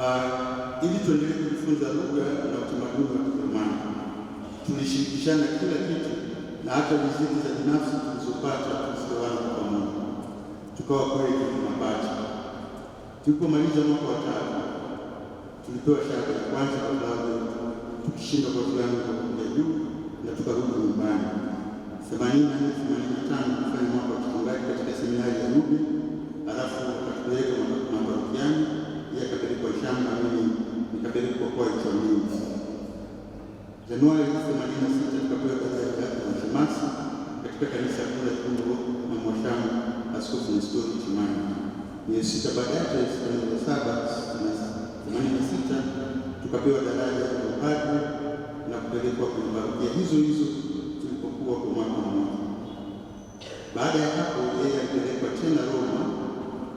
Uh, ili tuendelee kujifunza lugha na utamaduni wa Kijerumani, tulishirikishana kila kitu na hata viziti za binafsi tulizopata kwa pamoja, tukawa kweli tunabacha. Tulipomaliza mwaka wa tatu, tulipewa shahada ya kwanza kwa klabu, tukishinda kwa viwango vya kuja juu na tukarudi nyumbani. themanini na nne themanini na tano kufanya mwaka wa kichungaji katika seminari ya Rubi halafu Januari 1986 tukapewa daraja ya tatu ya shemasi katika kanisa kuu la Tumbo na Mwashamu, Askofu Nestori Chimanya. Miezi sita baadaye, tarehe ishirini na saba themanini na sita tukapewa daraja ya upadre na kupelekwa kwenye parokia hizo hizo tulipokuwa kwa mwaka mmoja. Baada ya hapo, yeye alipelekwa tena Roma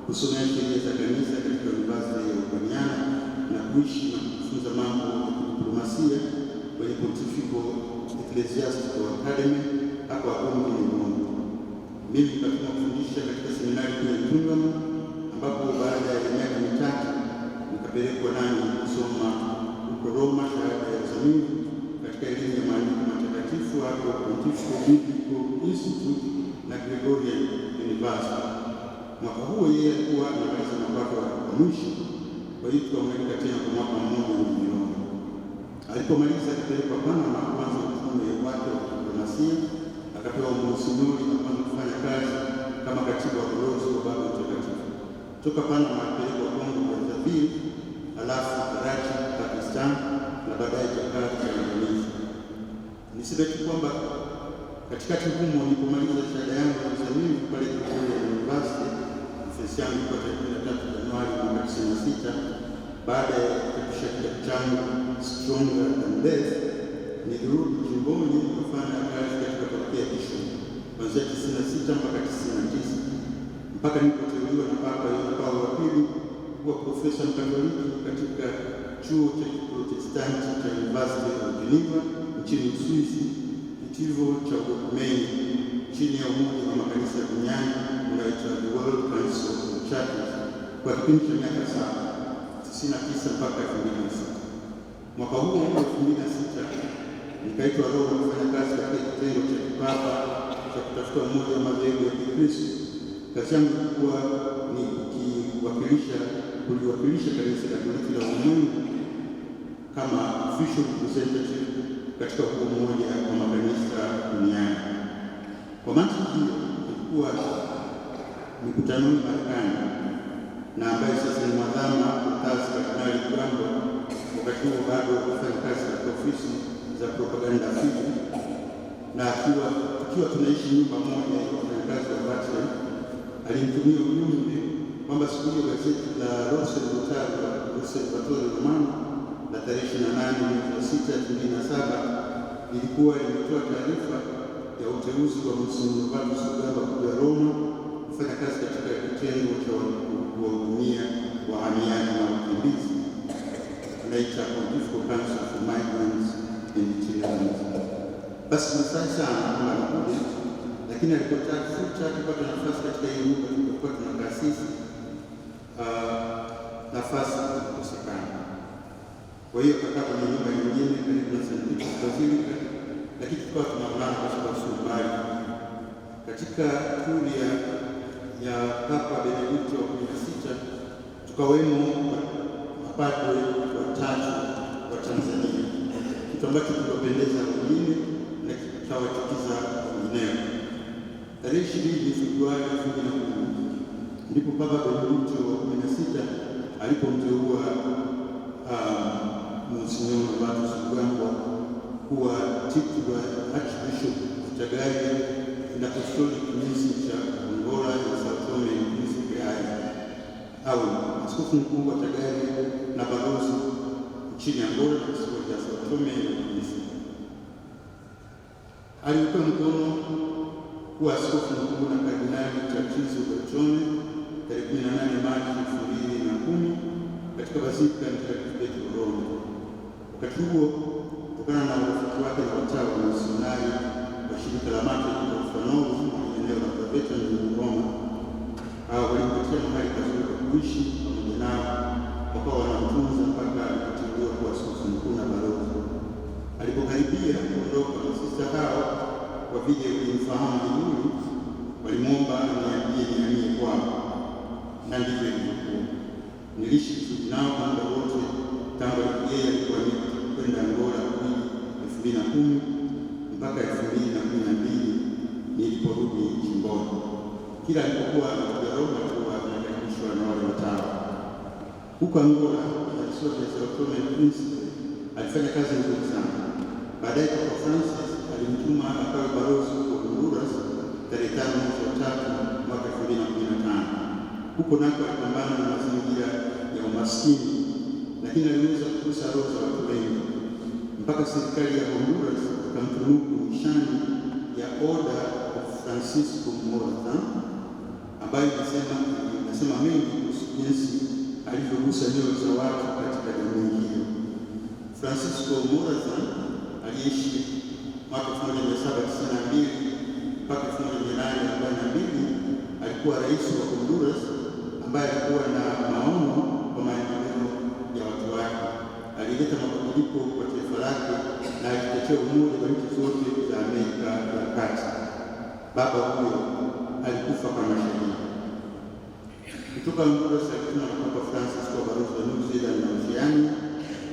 kusomea sheria za kanisa katika University ya Urbaniana na kuishi na kujifunza mambo ya diplomasia kwenye Pontifical Ecclesiastical Academy hapa Agoma Kigoma. Mimi katika kufundisha katika seminari kuu ya Tundama, ambapo baada ya miaka mitatu nikapelekwa nani kusoma huko Roma shahada ya uzamili katika elimu ya maandiko matakatifu hapo Pontifical Biblical Institute na Gregorian University. Mwaka huo yeye alikuwa anamaliza mapato ya mwisho, kwa hiyo tukamwalika tena kwa mwaka mmoja. Alipomaliza akipelekwa Panama kuanza utume wake wa kidiplomasia, akapewa umonsinori na kuanza kufanya kazi kama katibu wa balozi wa Baba Mtakatifu. Toka Panama alipelekwa Kongo kuanza halafu Karachi Pakistan, na baadaye Jakarta Indonesia. Nisibeti kwamba katikati humo nilipomaliza shahada yangu ya uzamili pale University University, sensa yangu kwa tarehe 13 Januari mwaka 96 baada ya kuchapisha kitabu Stronger Than Death, nilirudi jimboni kufanya kazi katika parokia Kishumba kuanzia tisini na sita mpaka tisini na tisa mpaka nilipoteuliwa na Papa Yohane Paulo wa Pili kuwa profesa mtangulizi katika chuo cha Kiprotestanti cha University of Geneva nchini Uswisi, kitivo cha Ugumeni chini ya umoja wa makanisa duniani unaoitwa World Council of Churches kwa kipindi cha miaka saba. 99 mpaka 2006. Mwaka huo huo 2006 nikaitwa Roho kufanya kazi katika kitengo cha kipapa cha kutafuta umoja wa madhehebu ya Kikristo. Kazi yangu ilikuwa ni kuwakilisha kuliwakilisha kanisa Katoliki la ulimwengu kama official representative katika huo umoja wa makanisa duniani. Kwa mantiki hiyo, ilikuwa mikutanoni Marekani na ambaye sasa ni mwadhama mkazi Kardinali Rugambwa, wakati huo bado kufanya kazi katika ofisi za propaganda fifu, na akiwa tukiwa tunaishi nyumba moja ya wafanyakazi wa Vatican, alimtumia ujumbe kwamba siku hiyo gazeti la L'Osservatore Romano la tarehe 28 mwezi wa sita elfu mbili na saba ilikuwa imetoa taarifa ya uteuzi wa Monsignor Servando kuja Roma kufanya kazi katika kitengo cha kuhudumia wahamiaji na wakimbizi, naita Pontifical Council for Migrants and Children. Basi masaa sana kama anakuja, lakini alipotafuta kupata nafasi katika hiyo nyumba tulikuwa tuna kasisi, ah, nafasi kukosekana. Kwa hiyo kakaa kwenye nyumba nyingine karibu na St. Peter's Basilica, lakini tukawa tuna mlango kwa sababu mbali katika tuli ya ya Papa Benedikto wa kumi na sita tukawemo mapadre watatu wa Tanzania, kitu ambacho kiliwapendeza wengine na kikawachukiza wengineo. Tarehe ishirini Februari elfu mbili na kumi ndipo Papa Benedikto wa kumi na sita alipomteua um, Monsinyori Novatus Rugambwa kuwa titular Archbishop Kitagali inakushauri kinisi cha Gongola na Sao Tome au askofu mkuu wa Tagari na balozi nchini Angola na kisiwa cha Sao Tome na Principe. Aliupa mkono kuwa askofu mkuu na Kardinali Tarcísio Bertone tarehe 18 Machi 2010 katika Basilika Mtakatifu Petro Roma. Wakati huo, kutokana na urafiki wake na watawa na wamisionari wa shirika la Mater Bagamoyo eneo la Taveta na Ngoma walipatia mahali pazuri pa kuishi pamoja nao, wakawa wanamtunza mpaka alipochaguliwa kuwa askofu mkuu na balozi. Alipokaribia kuondoka, masista hao wavije kulimfahamu vizuri, walimwomba aniambie nihamie kwao, na ndivyo ilivyokuwa. Niliishi vizuri nao kwa muda wote tangu yeye alipohamia kwenda Angola elfu mbili na kumi mpaka elfu mbili na kumi na mbili niliporudi jimboni. Kila nilipokuwa nakuja Rombo alikuwa anakaribishwa na wale watawa. Huko Angola na Sao Tome alifanya kazi nzuri sana. Baadaye Papa Francis alimtuma akawa balozi huko Honduras tarehe tano mwezi wa tatu mwaka elfu mbili na kumi na tano. Huko nako alipambana na mazingira ya umaskini, lakini aliweza kukusa roho za watu wengi mpaka serikali ya Honduras ikamtunuku nishani ya oda Francisco Morata ambaye inasema mengi kuhusu jinsi alivyogusa nyoyo za watu katika jamii hiyo. Francisco Morata aliishi mwaka elfu moja mia saba tisini na mbili mpaka elfu moja mia nane arobaini na mbili Alikuwa rais wa Honduras ambaye alikuwa na maono kwa maendeleo ya watu wake. Alileta mabadiliko kwa taifa lake na alitetea umoja wa nchi zote za Amerika ya Kati baba huyo alikufa kwa shahidi. Kutoka Ngulu Sakina na Papa Francis kwa balozi wa New Zealand na Oceania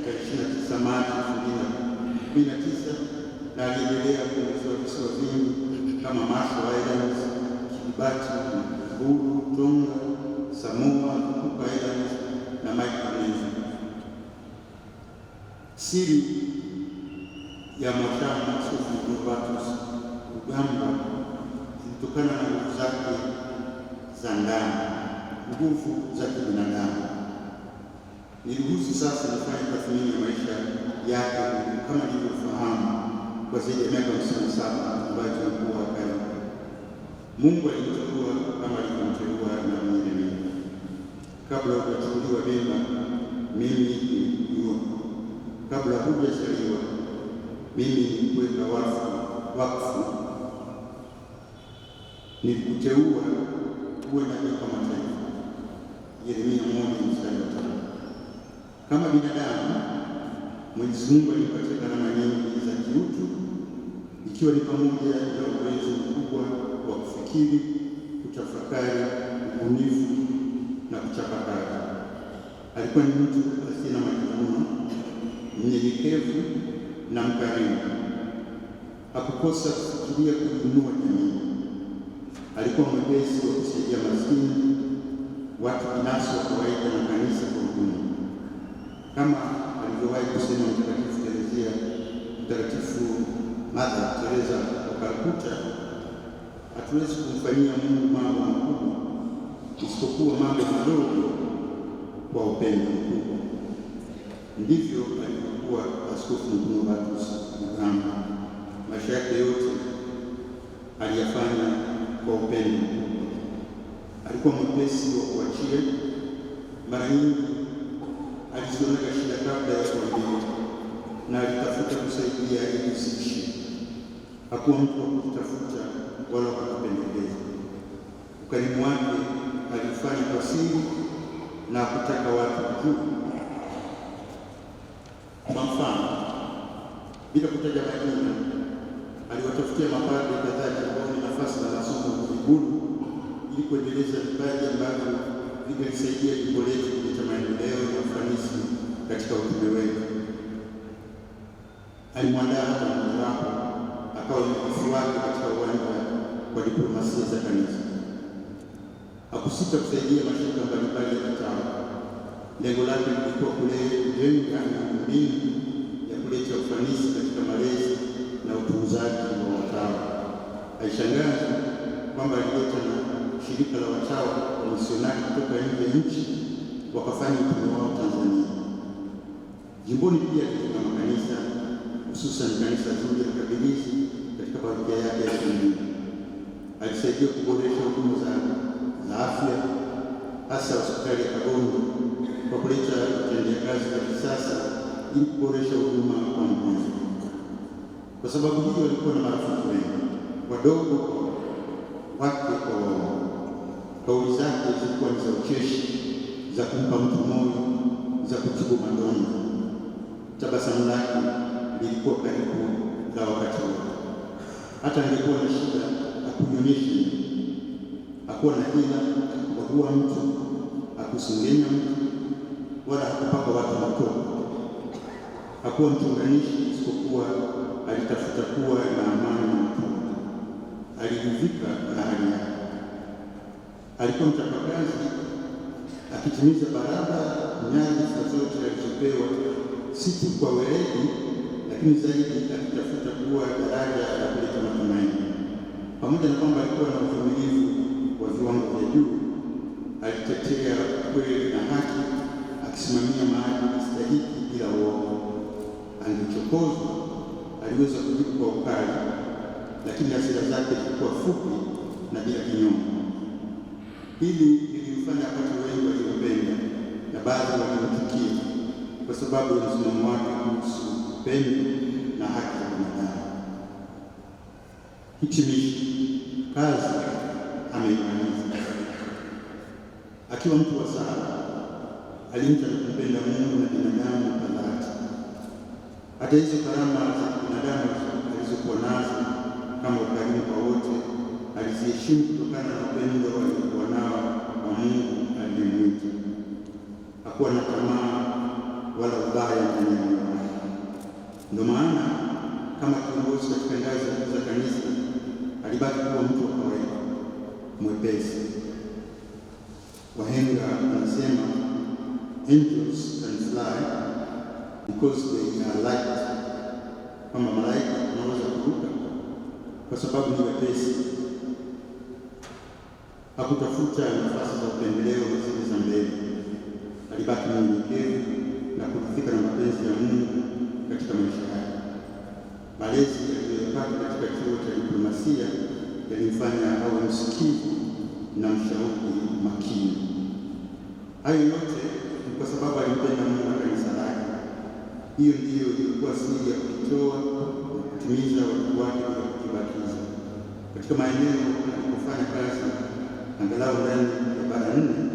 tarehe ishirini na tisa Machi elfu mbili kumi na tisa na aliendelea kuongoza visiwa vingi kama Marshall Islands, Kiribati, Nauru, Tonga, Samoa, Cook Islands na Micronesia. Siri ya mashamba Askofu Novatus Rugambwa kutokana na nguvu zake za ndani, nguvu za kibinadamu. Niruhusu sasa nifanye tathmini ya maisha yake kama nilivyofahamu kwa zaidi ya miaka hamsini na saba ambayo tumekuwa karibu. Mungu alimteua kama alivyomteua na mwingine mimi. Kabla hujachukuliwa mimba, mimi nilikujua. Kabla hujazaliwa, mimi nilikuweka wakfu ni kuteua uwe nabii kwa mataifa, Yeremia moja mstari wa tano. Kama binadamu, Mwenyezi Mungu alipatia karama nyingi za kiutu, ikiwa ni pamoja na uwezo mkubwa wa kufikiri, kutafakari, ubunifu na kuchapa kazi. Alikuwa ni mtu asiye na majivuno, mnyenyekevu na mkarimu. Hakukosa kufikiria kuinua jamii alikuwa mwepesi wa kusaidia maskini, watu binafsi wa kawaida na kanisa kwa ujumla, kama alivyowahi kusema Mtakatifu Terezia, Mtakatifu Madha Teresa wa Kalkuta, hatuwezi kumfanyia Mungu mambo makubwa isipokuwa mambo madogo kwa upendo mkubwa. Ndivyo alivyokuwa Askofu Mkuu Novatus Rugambwa. Maisha yake yote aliyafanya kwa upendo. Alikuwa mwepesi wa kuachia. Mara nyingi alizionyesha shida kabla ya kuambia, na alitafuta kusaidia ili isiishi. Hakuwa mtu wa kujitafuta wala wakakupendekeza. Ukarimu wake alifanya kwa siri na kutaka watu juu Kwa mfano, bila kutaja majina, aliwatafutia mapadri kadhaa ili kuendeleza vipaji ambavyo vimesaidia jimbo letu kuleta maendeleo na ufanisi katika utume wetu. Alimwandaa hata mmojawapo akawa mkufu wake katika uwanja wa diplomasia za kanisa. Hakusita kusaidia mashirika mbalimbali ya kitawa. Lengo lake lilikuwa kujenga miundombinu ya kuleta ufanisi katika malezi na utunzaji wa watawa. Haishangazi kwamba alileta shirika la watawa wa misionari kutoka nje ya nchi wakafanya utume wao Tanzania. Jimboni pia katika makanisa hususan kanisa zuri ya Kabirizi katika parokia yake ya Simiyu. Alisaidia kuboresha huduma za za afya hasa hospitali ya Kagondo kwa kuleta kazi wa kisasa ili kuboresha huduma kwa mgonjwa. Kwa sababu hiyo, walikuwa na marafiki wengi wadogo wake kwa kauli zake zilikuwa ni za ucheshi, za kumpa mtu moyo, za kutibu madonda. Tabasamu lake lilikuwa karibu la wakati wote. Hata angekuwa na shida akunyonyeshe, hakuwa na hila kuwa mtu, akusengenya mtu, wala hakupaka watu wakoo Hakuwa mtunganishi, isipokuwa alitafuta kuwa na amani na mtu, alijivika na hali yake alikuwa mchapakazi akitimiza baraba nyadhifa zote alizopewa, si tu kwa weledi, lakini zaidi akitafuta kuwa daraja la kuleta matumaini. Pamoja na kwamba alikuwa na uvumilivu wa viwango vya juu, alitetea kweli na haki, akisimamia maadili stahiki bila uongo. Alichokozwa aliweza kujibu kwa ukali, lakini hasira zake zilikuwa fupi Hili lilimfanya apate wengi waliopenda na baadhi walimchukia kwa sababu ya msimamo wake kuhusu upendo na haki za binadamu. Hitimishi, kazi ameimaliza. Akiwa mtu wa sala, alimcha na kumpenda Mungu na binadamu kwa dhati. Hata hizo karama za kibinadamu alizokuwa nazo kama ukarimu kwa wote, aliziheshimu kuwa na tamaa wala ubaya ndani ya moyo wake. Ndio maana kama kiongozi katika ngazi za kanisa alibaki kuwa mtu wa kawaida mwepesi. Wahenga wanasema angels can fly because they are light, kwamba malaika wanaweza kuruka kwa sababu ni wepesi. Hakutafuta nafasi za upendeleo zile za mbele akibaki mnyenyekevu na kufika na mapenzi ya Mungu katika maisha yake. Malezi aliyoyapata katika chuo cha diplomasia yalimfanya awe msikivu na mshauri makini. Hayo yote ni kwa sababu alimpenda Mungu na kanisa lake. Hiyo ndiyo ilikuwa siri ya kukitoa na kutimiza watu wake wa kukibatiza katika maeneo alipofanya kazi, angalau ndani ya bara nne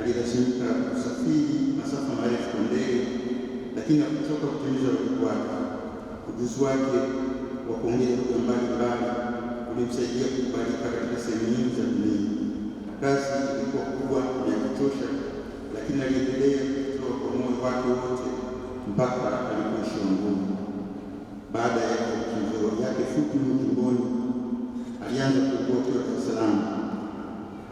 alilazimika kusafiri masafa marefu kwa ndege, lakini hakuchoka kutimiza wajibu wake. Ujuzi wake wa kuongea lugha mbalimbali ulimsaidia kukubalika katika sehemu nyingi za dunia. Kazi ilikuwa kubwa na ya kuchosha, lakini aliendelea kutoa kwa moyo wake wote mpaka alipoishia nguvu. Baada ya kuzio yake fupi mtumboni, alianza kuugua akiwa Dar es Salaam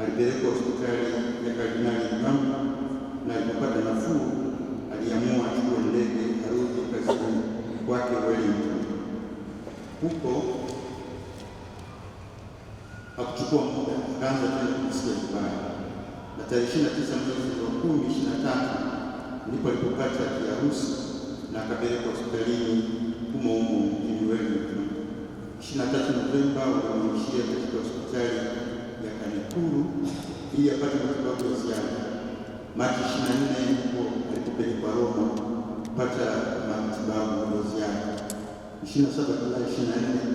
alipelekwa hospitali ya Kardinali Rugambwa na alipopata nafuu, aliamua achukue ndege arudi kazini kwake Wellington. Huko hakuchukua muda, akaanza tena kusikia vibaya, na tarehe ishirini na tisa mwezi wa kumi ishirini ndipo alipopata kiharusi na akapelekwa hospitalini humo humo mjini Wellington. ishirini na tatu Novemba wakamuishia katika hospitali ya Kamikuru ili apate matibabu ya ziada. Machi ishirini na nne huko alipopelekwa Roma kupata matibabu ya ziada. ishirini na saba Julai ishirini na nne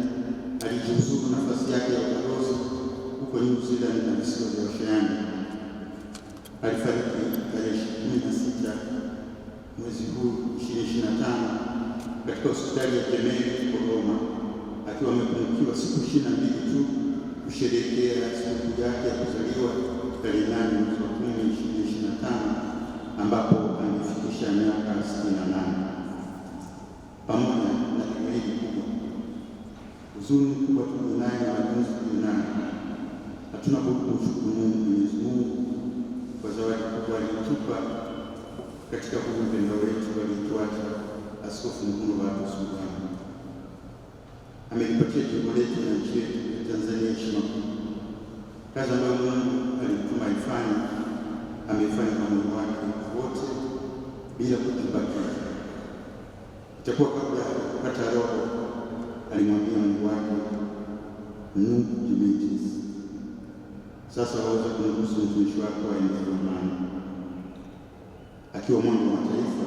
alijiuzuru nafasi yake ya ubalozi huko New Zealand na visiwa vya Oceania. Alifariki tarehe kumi na sita mwezi huu ishirini ishirini na tano katika hospitali ya Gemelli huko Roma akiwa amepungukiwa siku ishirini na mbili tu kusherehekea sikukuu yake ya kuzaliwa tarehe 8 mwezi wa na tano ambapo amefikisha miaka nane Pamoja na juhudi kubwa, huzuni kubwa tulionayo na majonzi tulionayo, hatuna budi kumshukuru Mungu Mwenyezi Mungu kwa zawadi kubwa aliyotupa katika huyu upendo wetu aliyetuacha Askofu Mkuu Novatus Rugambwa. Amelipatia jimbo letu na nchi yetu Tanzania heshima kubwa. Kazi ambayo Mungu alimtuma ifanye ameifanya kwa moyo wake wote bila kujibakiza. Itakuwa kabla ya kupata roho alimwambia Mungu wake Nuhu Juventus, sasa waweza kumruhusu mtumishi wako aende kwa amani, akiwa mwana wa taifa.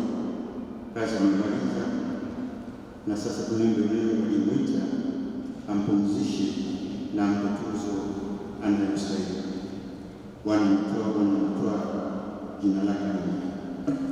Kazi amemaliza, na sasa tumwombe Mungu aliyemwita ampumzishe na mpe tuzo anayostahili, kwani mtoa mwenye mtoa jina lake mwenyewe.